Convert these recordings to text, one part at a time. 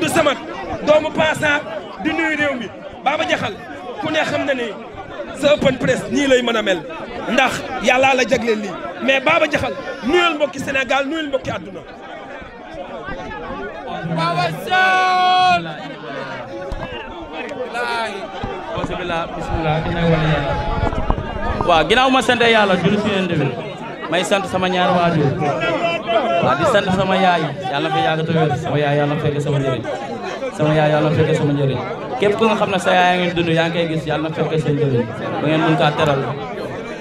du sama doomu paasaar di nuyu réew mi Baba Diakhal ku ne xam na ne sa open press ñii lay mën a mel ndax yàllaa la jagleel lii mais Baba Diakhal nuyul mbokki Sénégal nuyul mbokki àdduna Baba Diakhal laay bismillah bismillah dina ma sant yàlla julli fi may sant sama ñaar waajur waaw di sant sama yaay yàlla na fa yàgg sama yaay yàlla na fekke sama sama yaay yàlla na fekke sama képp ku nga xam ne sa yaay ngeen dund yaa ngi gis yàlla na fekke seen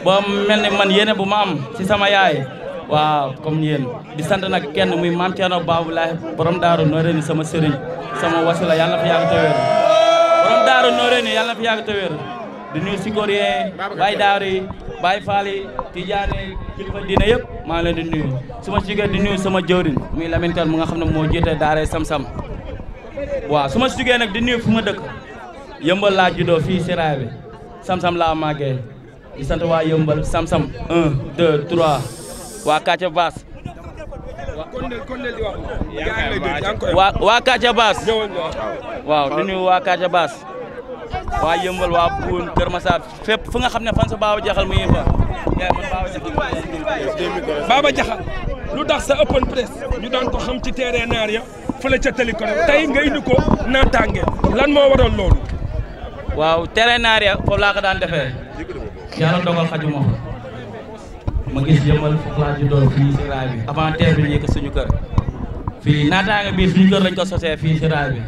ba mel ni man yéene bu ma am ci sama yaay waaw comme yéen di sant nag kenn muy maam Thierno Babou Laye borom daaru nooree ni sama sëriñ sama wasila yàlla na fa yàgg te daaru nooree ni yàlla fa yàgg di nuyu si Baye Daara yi Baye Fall yi Tidiane yi kilifa diine yëpp maa ngi leen di nuyu su ma jugee di nuyu sama jëwriñ muy Lamine Kane mu nga xam ne moo jiite Daara Sam-Sam su ma jugee nag di nuyu fu ma dëkk yëmbal laa juddoo fii Siraay bi laa màggee di sant waa yëmbal Sam-Sam 1 2 waa Katia Baas. waa waa Katia Baas. waaw di nuyu waa Katia Baas. waa yëmbal waa Poul Kër Massar fépp fu nga xam ne fan sa Baba Diakhal mu ngi fa Baba Diakhal lu tax sa open press ñu daan ko xam ci terrain naar ya fële ca Télécom tey nga indi ko naataange lan moo waral loolu waaw terrain naar ya foofu laa ko daan defee yàlla dogal xajuma ma gis yëmbal foofu laa ji doon fii si raay bi avant terre bi ñëkk suñu fii naataanga bii suñu kër lañ ko sosee si raay bi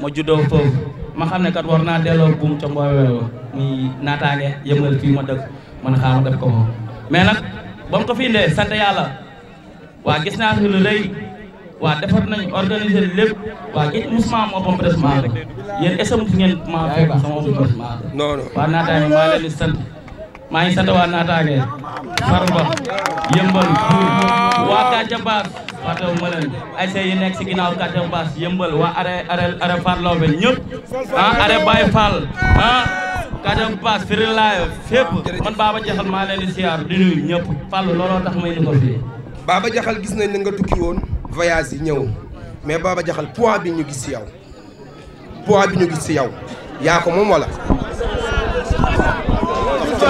ma juddoo foofu ma xam ne kat war naa delloo buum ca mbooweewu muy naataange yëngal fii ma dëkk man xaaral def ko moom mais nag ba ko fi indee sant yàlla waa gis naa fi lu rëy waa defar nañ organiser lépp waa gis musuma moo pom pressement rek yéen est-ce que ma sama pom pressement non waa naataange maa leen sant maa ngi sant waa naataange farba yëmbal waa Kaja Baas fàttewu ma leen ay see yi nekk si ginnaaw quartier baas yëmbal waa are are are Fall Lawbe ñëpp a ah, are Baye Fall ah quartier baas firi laayo fépp man Baba maa leen di di nuyu ñëpp Fall looloo tax may ni ko fii Baba Diakhal gis nañ ne nga tukki woon voyage yi ñëw mais Baba jaxal poids bi ñu gis si yow bi ñu gis si yow yaa ko moom wala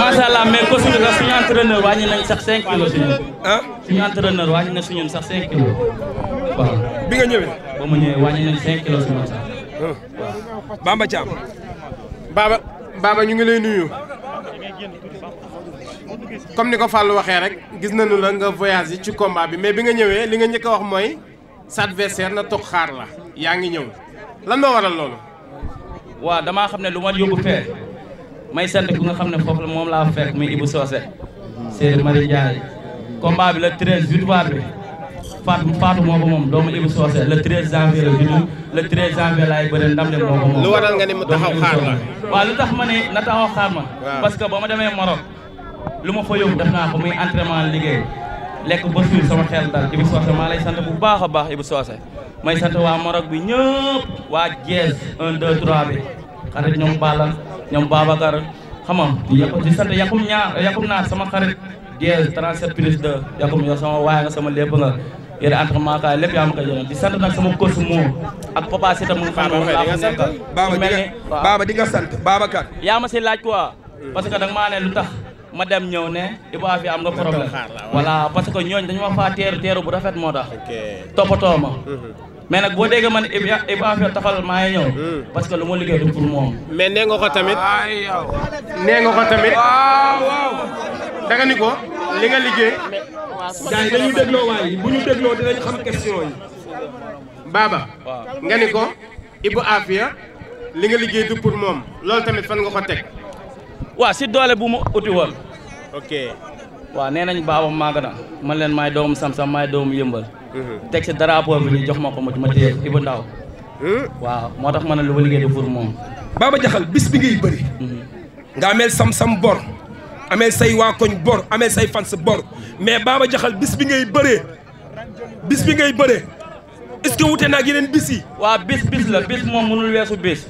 macha allah mais coach bi sax suñu entraîneur wàññi nañ sax 5 si ñun. ah suñu entraîneur wàññi na si ñun sax 5 bi nga ñëwee. ba mu ñëwee wàññi nañ 5 kilos si ñun sax. waaw ah. Bamba Thiam. Baba Baba ñu ngi lay nuyu. comme ni ko Fallou waxee rek gis nañu la nga voyage yi ci kombaa bi mais bi nga ñëwee li nga njëkk a wax mooy sa adversaire na toog xaar la yaa ngi ñëw lan moo waral loolu. waaw damaa xam ne lu ma yóbbu fee. may sant bu nga xam ne foofu moom laa fekk muy Ibou Socé Seydou Mari Ndiaye combat bi le 13 victoire bi Fatou moom doomu Ibou Socé le 13 janvier la judd le 13 janvier laay bëre ndam de moom lu waral nga ni mu taxaw xaar la waaw lu tax ma ne na taxaw xaar ma parce que ba ma demee Maroc lu ma fa yóbbu def naa ko muy entraînement liggéey lekk ba suur sama xel dal Ibou Socé maa lay sant bu baax a baax Ibou Socé may sant waa Maroc bi ñëpp waa Diès 1 2 xarit ñoom Balla ñoom Babacar xam nga di sant yakum ñaar yakum naar sama xarit Dièze 37 plus 2 yakum yow sama waay nga sama lépp nga yéen entraînement kaay lépp yaa ma koy yéen di sant nag sama coach moom ak Papa Sita mu xam ne laa ko nekkal. Baba yaa ma si laaj quoi. parce que danga maa ne lu tax. ma dem ñëw ne Ibou fi am nga problème voilà parce que ñooñ dañu ma faa teeru teeru bu rafet moo tax toppatoo ma mhm. mais nag boo déggee man Ibou Afia tafal maa ngi ñëw mhm. que lu ma liggéey du pour moom mais nee nga ko tamit nee nga ni ko li nga liggéey gars yi dañu nga ni nga liggéey du pour moom loolu tamit fan nga ko teg waaw si doole bu ma uti woon ok waaw nee nañ baaba maaga na man leen maay doomu sam maa maay doomu yëmbal mhm. teg si drapeau bi jox ma ko mu ma téye Ibou Ndaw hmm? waaw moo tax ma ne lu ma liggéey du pour moom baaba jaxal bis bi ngay bëri mhm. nga ameel sam-sam bor ameel sa waa koñ bor ameel say fans bor mais ba jaxal bis bi ngay bëree bis bi ngay bëree est-ce que wute naag yeneen bis yi waaw bis bis la bis moom mënul weesu bis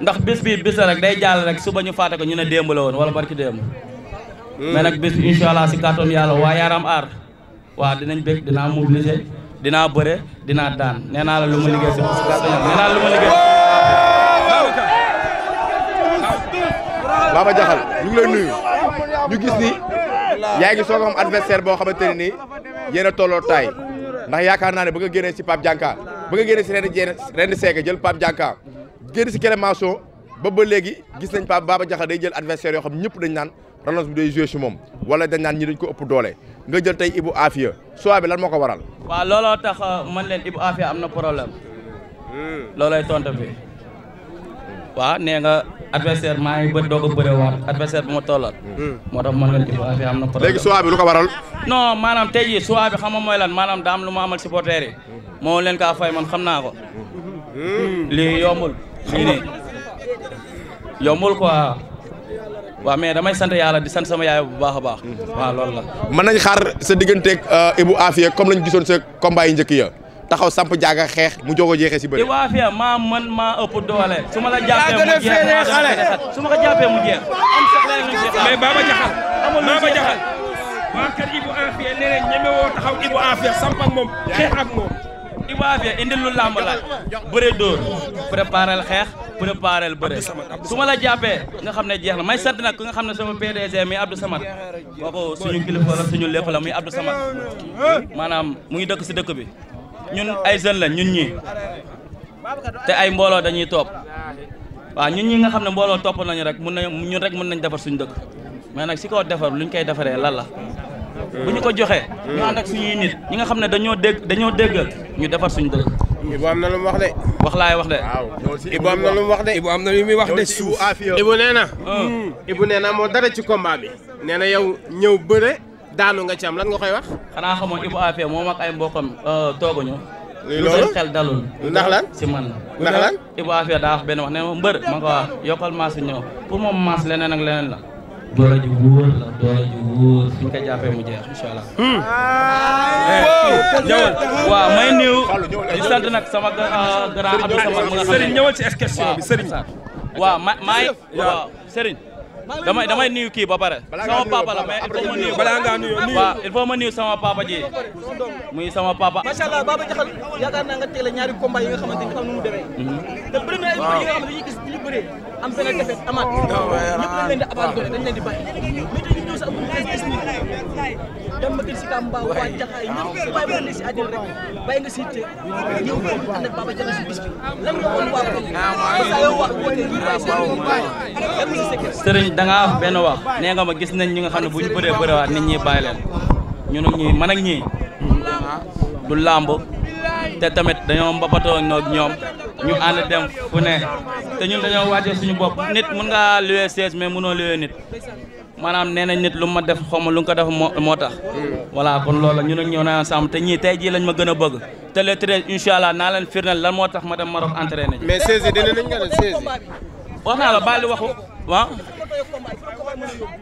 ndax bis bii bis la rek day jàll rek suba ñu fàtte ko ñu ne woon wala barki démb Mm. mais nag bés bi incha allah si kàttan yàlla waa Yaram Art waaw dinañ bëgg dinaa mobiliser dinaa bëre dinaa daan nee naa la lu ma liggéey si kàttan yàlla nee naa la lu ma liggéey. Baba Diakhal ñu ngi gis ni yaa ngi soog adversaire boo xamante ne nii yéen a tolloo taay ndax yaakaar naa ne bëgg a génne si Pape Dianka bëgg a génne si ren jeen ren seega jël Pape Dianka génn si Clémenceau ba ba léegi gis nañ Pape Baba Diakhal day jël adversaire yoo xam ñëpp dañ naan relance bi day joué moom wala dañ naan ñi dañ ko ëpp doole nga jël tey Ibou Afia choix bi lan moo ko waral. waaw looloo tax euh, man leen Ibou Afia am na problème hmm. loolay tontu bi waaw nee nga adversaire maa ngi bë doog a bëriwaat adversaire bu ma hmm. moo tax man leen Ibou Afia am na problème léegi choix lu ko waral. non maanaam tey jii choix xam nga mooy lan maanaam daam lu ma amal supporter yi hmm. moo leen kaa fay man xam naa ko. li yombul. lii nii yombul quoi. waaw mais damay sant yàlla di sant sama yaay bu baax a baax. waaw loolu la. mën nañ xaar sa digganteeg euh, Ibou Afia comme lañ gisoon sa combat yi njëkk ya taxaw samp jaaga xeex mu jogo jeexe si bëri. Ibou Afia maa man maa ëpp doole. su ma la jàppee mu jeex su ma ko jàppee mu jeex. am waa kër Ibou Afia nee moom xeex ak moom. Ibou Afia indil lu làmb la. bëre dóor xeex. préparel bëre su ma la jàppee nga xam ne jeex na may sant nag ku nga xam ne sama PDG mi Abdou Samad kooku suñu kilifa la suñu lépp la muy Abdou Samad maanaam mu ngi dëkk si dëkk bi ñun ay jeunes la ñun ñi te ay mbooloo dañuy topp waaw ñun ñi nga xam ne mbooloo topp nañu rek mun nañu ñun rek mën nañ defar suñ dëkk mais nag si ko defar luñ koy defaree lan la bu ñu ko joxe ñu ànd nga xam ne dañoo dégg dañoo déggal ñu defar suñ dëkk Ibou am na lu mu wax de. wax laay wax de. waaw Ibou am na lu wax de. Ibou am na lu muy wax de suuf Ibou nee na. Hmm. Ibou nee na moo dara ci combat bi. nee na yow ñëw bëre daanu nga ci lan nga koy wax. xanaa xamoon Ibou Afia moom ak ay mbokkam euh, tooguñu. loolu xel dalul. ndax lan si man. ndax lan Ibou Afia daa wax benn wax ne ma mbër ma ko wax yokkal maas ñëw pour moom maas leneen ak leneen la. doole ju wóor la doole ju wóor fi ñu ko jàppee mu jeex incha allah. ñëwal waaw may nuyu di sant nag sama grand euh, Abdou Samad mu nga xam ne Serigne ñëwal ci question bi Serigne. waaw ma maay waaw Serigne. damay damay nuyu kii ba pare. sama papa la mais il faut ma nuyu balaa ngaa nuyu waaw il faut ma nuyu sama papa ji muy sama papa. macha allah Baba Diakhal yaakaar naa nga tegle ñaari combat yi nga xamante ni xam nu mu demee. Mhm. te premier yi nga xamante ni gis li bëree am benn defet amaat. ñëpp dañ leen di abaat doole dañ leen di bàyyi. dem ba sëriñ da ngaa wax benn wax nee nga ma gis nañ ñi nga xam ne bu ñu bëree bëriwaat nit ñi bàyyi leen ñun ñi man ak ñi du làmb te tamit dañoo mbabatoo noog ñoom ñu ànd dem fu ne te ñun dañoo wàcce suñu bopp nit mën ngaa luwee 16 mais mënoo luwee nit maanaam nee nañ nit lu ma def xaw ma lu nga ko def moo moo tax. voilà kon loolu ñu ñun ak ñëw naa ensemble te ñii tey jii lañ ma gën a bëgg te le treize incha allah naa leen firndeel lan moo tax ma dem Maroc entraîné. mais seize yi dinañ nga ne seize yi. wax naa la baal di waxu waaw.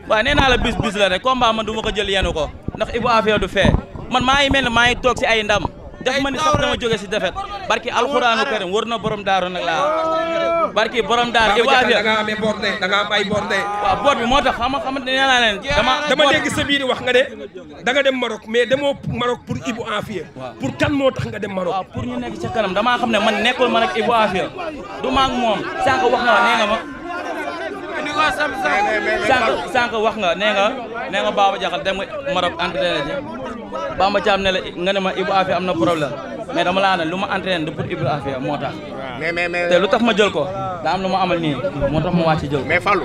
waaw nee naa la bis bis la rek combat ma du ma ko jël yenu ko ndax Ibou Afia du fee man maa ngi maa ngi toog si ay ndam. def ma ni sax dama jóge si defet barki alxuraanu karim war na borom daaru nag laa barki borom daaru da nga amee boot de da nga xama xamante dama dama dégg wax nga de da dem Maroc mais demoo Maroc pour Ibou Afia pour kan moo tax nga dem Maroc waaw ñu nekk ca kanam xam ne man nekkul man ak Ibou du maag moom sànq wax nga nee sànq sànq wax nga nee nga nee nga Baba Diakhal dem Maroc entraîné ji Bamba Thiam ne la nga ne ma Ibou Afia am na problème mais dama laa ne lu ma entraîné du pour Ibou Afia moo tax. te lu tax ma jël ko daa am lu ma amal nii moo tax ma wàcc jël mais Fallou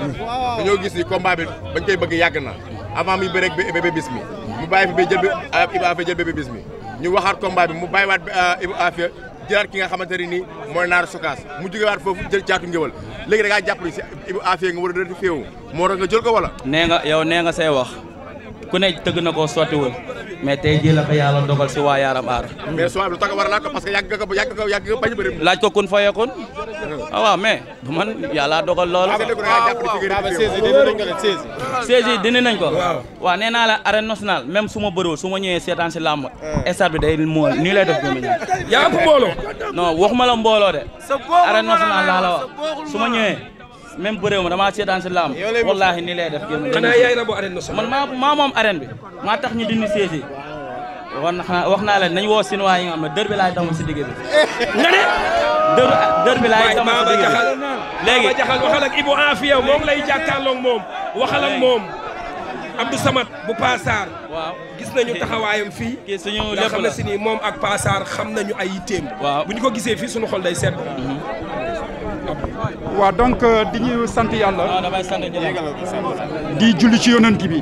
dañoo gis ni combat bi bañ koy bëgg yàgg na avant muy bëreeg bébé bis mi mu bàyyi fi ba jël Ibou Afia jël bébé bis mi ñu waxaat combat bi mu bàyyiwaat euh, Ibou jëlaat ki nga xamante ne nii mooy naaru sokaas mu jógewaat foofu jël caatu ngéwal léegi da ngaa jàpp ni si Ibou Afia nga war a dëgg féewu moo tax nga jël ko wala. nee nga yow nee nga say wax ku ne tëgg na koo sottiwul mais tey jii la ko yàlla dogal si waa Yaram Aar. mais soo lu tax laaj ko kun fayee kun. Ah waaw mais man yàlla dogal lool. Ah, waaw waaw ko. waaw nee naa la arène nationale même su ma bëroo su ma ñëwee seetaan si làmb. stade bi day moo nii lay def gëm a yaa ngi ko mbooloo. non la mbooloo de. arène nationale laa la wax su ma ñëwee. même bëréew ma dama seetaan si laam wallaahi ni lay def génn xanaa yaay rabu arène nationale man maa maa moom arène bi maa tax ñu dindi siège yi wax naa wax naa leen nañ woo Sinoa yi nga xam ne dër bi laay damm si digg bi nga ne dër dër bi laay damm si digg bi léegi Baba Jaxal waxal ak Ibu Afia moom lay jàkkaarloog moom waxal ak moom Abdou Samad bu Paasaar. waaw gis nañu taxawaayam fii. kii suñu lépp xam ne si ni moom ak Paasaar xam nañu ay yitteem. waaw bu ñu ko gisee fii su xol day sedd. Mhm. waaw donc euh, di ñu sant yàlla. Ah, di julli ci yonent bi.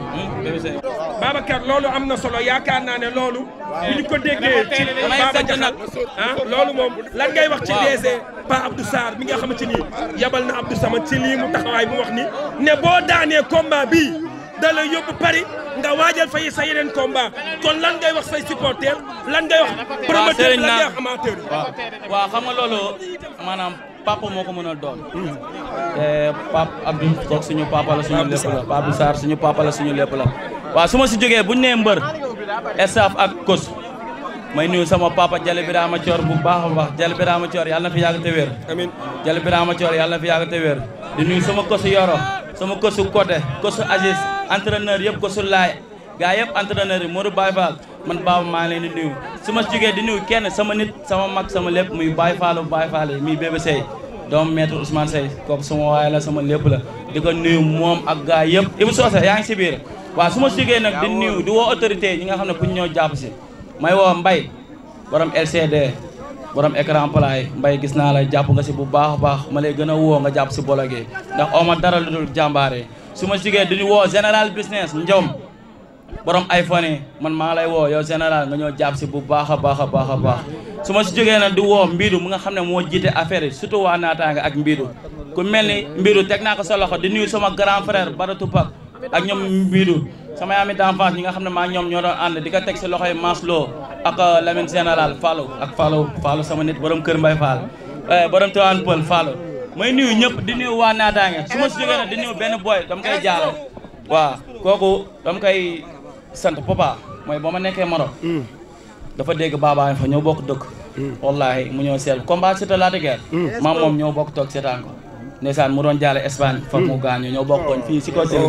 Babacar loolu am na solo yaakaar naa ne loolu. bu ñu ko déggee ci Babacar nag ah loolu moom lan ngay wax ci DG Pa Abdou Sarr mi nga xamante ni yabal na Abdou Samad ci lii mu taxawaay bu wax ni ne boo daanee combat bii da la yóbbu Paris nga waajal fay sa yeneen kon lan ngay wax say supporters lan ngay wax. promoteur lan ngay wax amateur waaw xam maanaam. papa moo ko mën a doon. te papa Abdou toog suñu papa la suñu lépp la papa Sarr suñu papa la suñu lépp la waaw su ma si jógee bu ñu nee mbër staff ak coach may nuyu sama papa Jalle Birama Thior bu baax a baax Jalle Birama Thior yàlla na fi yàgg te wér. amiin Jalle Birama yàlla na fi te wér. di nuyu sama coach Yoro sama coach Codé coach Agis entraîneur yëpp coach Laay. gaa yëpp entraîneur yi Modou Baye Fall man baaba maa ngi leen nuyu su ma jógee di nuyu kenn sama nit sama mag sama lépp muy Baye Fallu Baye Fall yi muy bébé Seye doom maître Ousmane Seye kooku sama waay la sama lépp la di ko nuyu moom ak gaa yëpp Ibou Socé yaa ngi si biir waaw su ma jógee nag di nuyu di woo autorité ñi nga xam ne pour ñoo jàpp si may woo mbay borom LCD borom écran plat yi Mbaye gis naa la jàpp nga si bu baax a baax ma lay gën a woo nga jàpp si bologee ndax oma dara lu dul jàmbaare su ma jógee di woo général business Ndiom borom iPhone man maa lay woo yow général nga ñoo jàpp si bu baax a baax a baax a baax ma si jógee di woo mbiidu mu nga xam ne moo jiite affaire yi surtout waa naataanga ak mbiidu ku mel ni mbiidu teg naa ko sa loxo di nuyu sama grand frère Bada Tupac ak ñoom mbiidu sama ami d'enfance ñi nga xam ne maa ñoom ñoo doon ànd di ko teg si loxoy Maslo ak euh, Lamine général Fallou ak Fallou Fallou sama nit borom Kër Mbay Fall eh, borom Tivaouane Peulh Fallou may nuyu ñëpp di nuyu waa naataanga su ma si jógee nag di nuyu benn boy dama koy sant papa mooy ba ma nekkee Maroc hmm. dafa dégg baabaa baabaay fa ñoo bokk dëkk hmm. wallaahi mu ñëw seet combat Siteu Lac de Guiers hmm. maam moom ñoo bokk toog seetaan ko ndeysaan mu doon jaale Espagne fa mu gaañu ñoo bokk koñ fii si ko seen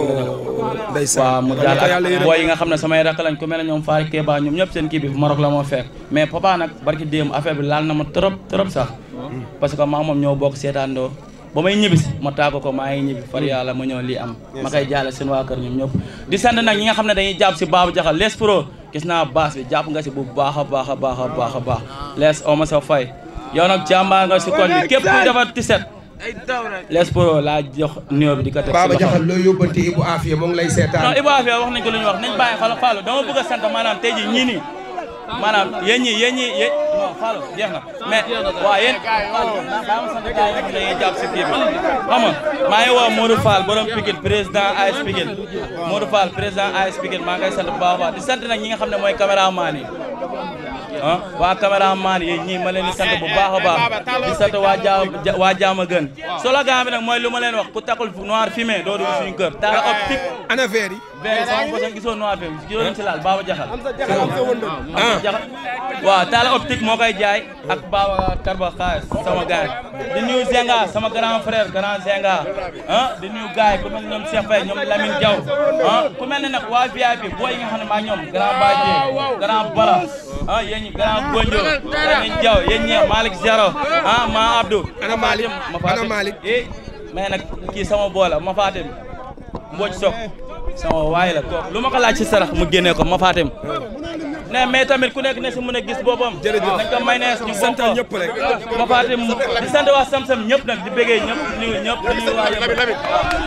la waaw nga xam ne samay rakk lañ ku mel ne ñoom Faari Keba la moo fekk mais papa nag bi laal na ma trop trop sax parce que maam moom ñoo bokk seetaandoo ba may ñibbisi ma taagu ko maa ngi ñibbi far yàlla ma ñëw lii am ma koy jaale seen waa kër ñoom ñëpp di sant nag ñi nga xam ne dañuy jàpp si Babou Diakhal les pro gis naa baas bi jàpp nga si bu baax a baax a baax a a baax sa fay yow nag jàmbaar nga si koñ bi képp kuy defar ti set les pro laa jox nuyoo bi di teg Babou Diakhal loo yóbbante Ibou Afia mu ngi lay seetaan non Ibou Afia wax nañ ko lu ñu wax nañ bàyyi xala fallu dama bëgg a sant maanaam yéen ñi yéen ñi yéen non Fallou jeex na mais waaw yéen Fallou baa ma sant gars yi nga dañuy jàpp si kii bi xam nga maa ngi woo Modou Fall borom Pikine président AS Pikine Modou Fall président AS Pikine maa ngi koy sant bu baax a baax di sant nag ñi nga xam ne mooy caméraman yi ah waa caméraman yi ñii ma leen di sant bu baax a baax di sant waa jaa waa jaam a gën slogan bi nag mooy lu ma leen wax ku taxul noir fumé doo dugg suñu kër taara optique ana verre yi verre sama bosan gisoo noir fumé gisoo leen si baaba jaxal am jaxal ah, waaw moo koy jaay ak baaba karba xaalis sama gaay di nuyu zenga sama grand frère grand zenga ah di nuyu gaay ku mel ñoom Cheikh ñoom Lamine Diaw ah ku mel ne nag waa VIP boo yi nga xam ne maa ñoom grand ah yéen ñi grand Bondio yéen Diaw yéen ñi Malick ah, ma Abdou. ana Malick ana Malick eh, mais kii sama boola ma Fatim Mbodj Sok sama waay la kooku lu ma ko laaj ci sarax mu génnee ko ma Fatim. ne mais tamit ku nekk ne si mën a gis boppam. jërëjëf dañ ko ne ñu sant ñëpp rek. Ah, ma Fatim di sant waa Sam Sam ñëpp nag di bëggee ñëpp nuyu ñëpp nuyu waa ñëpp.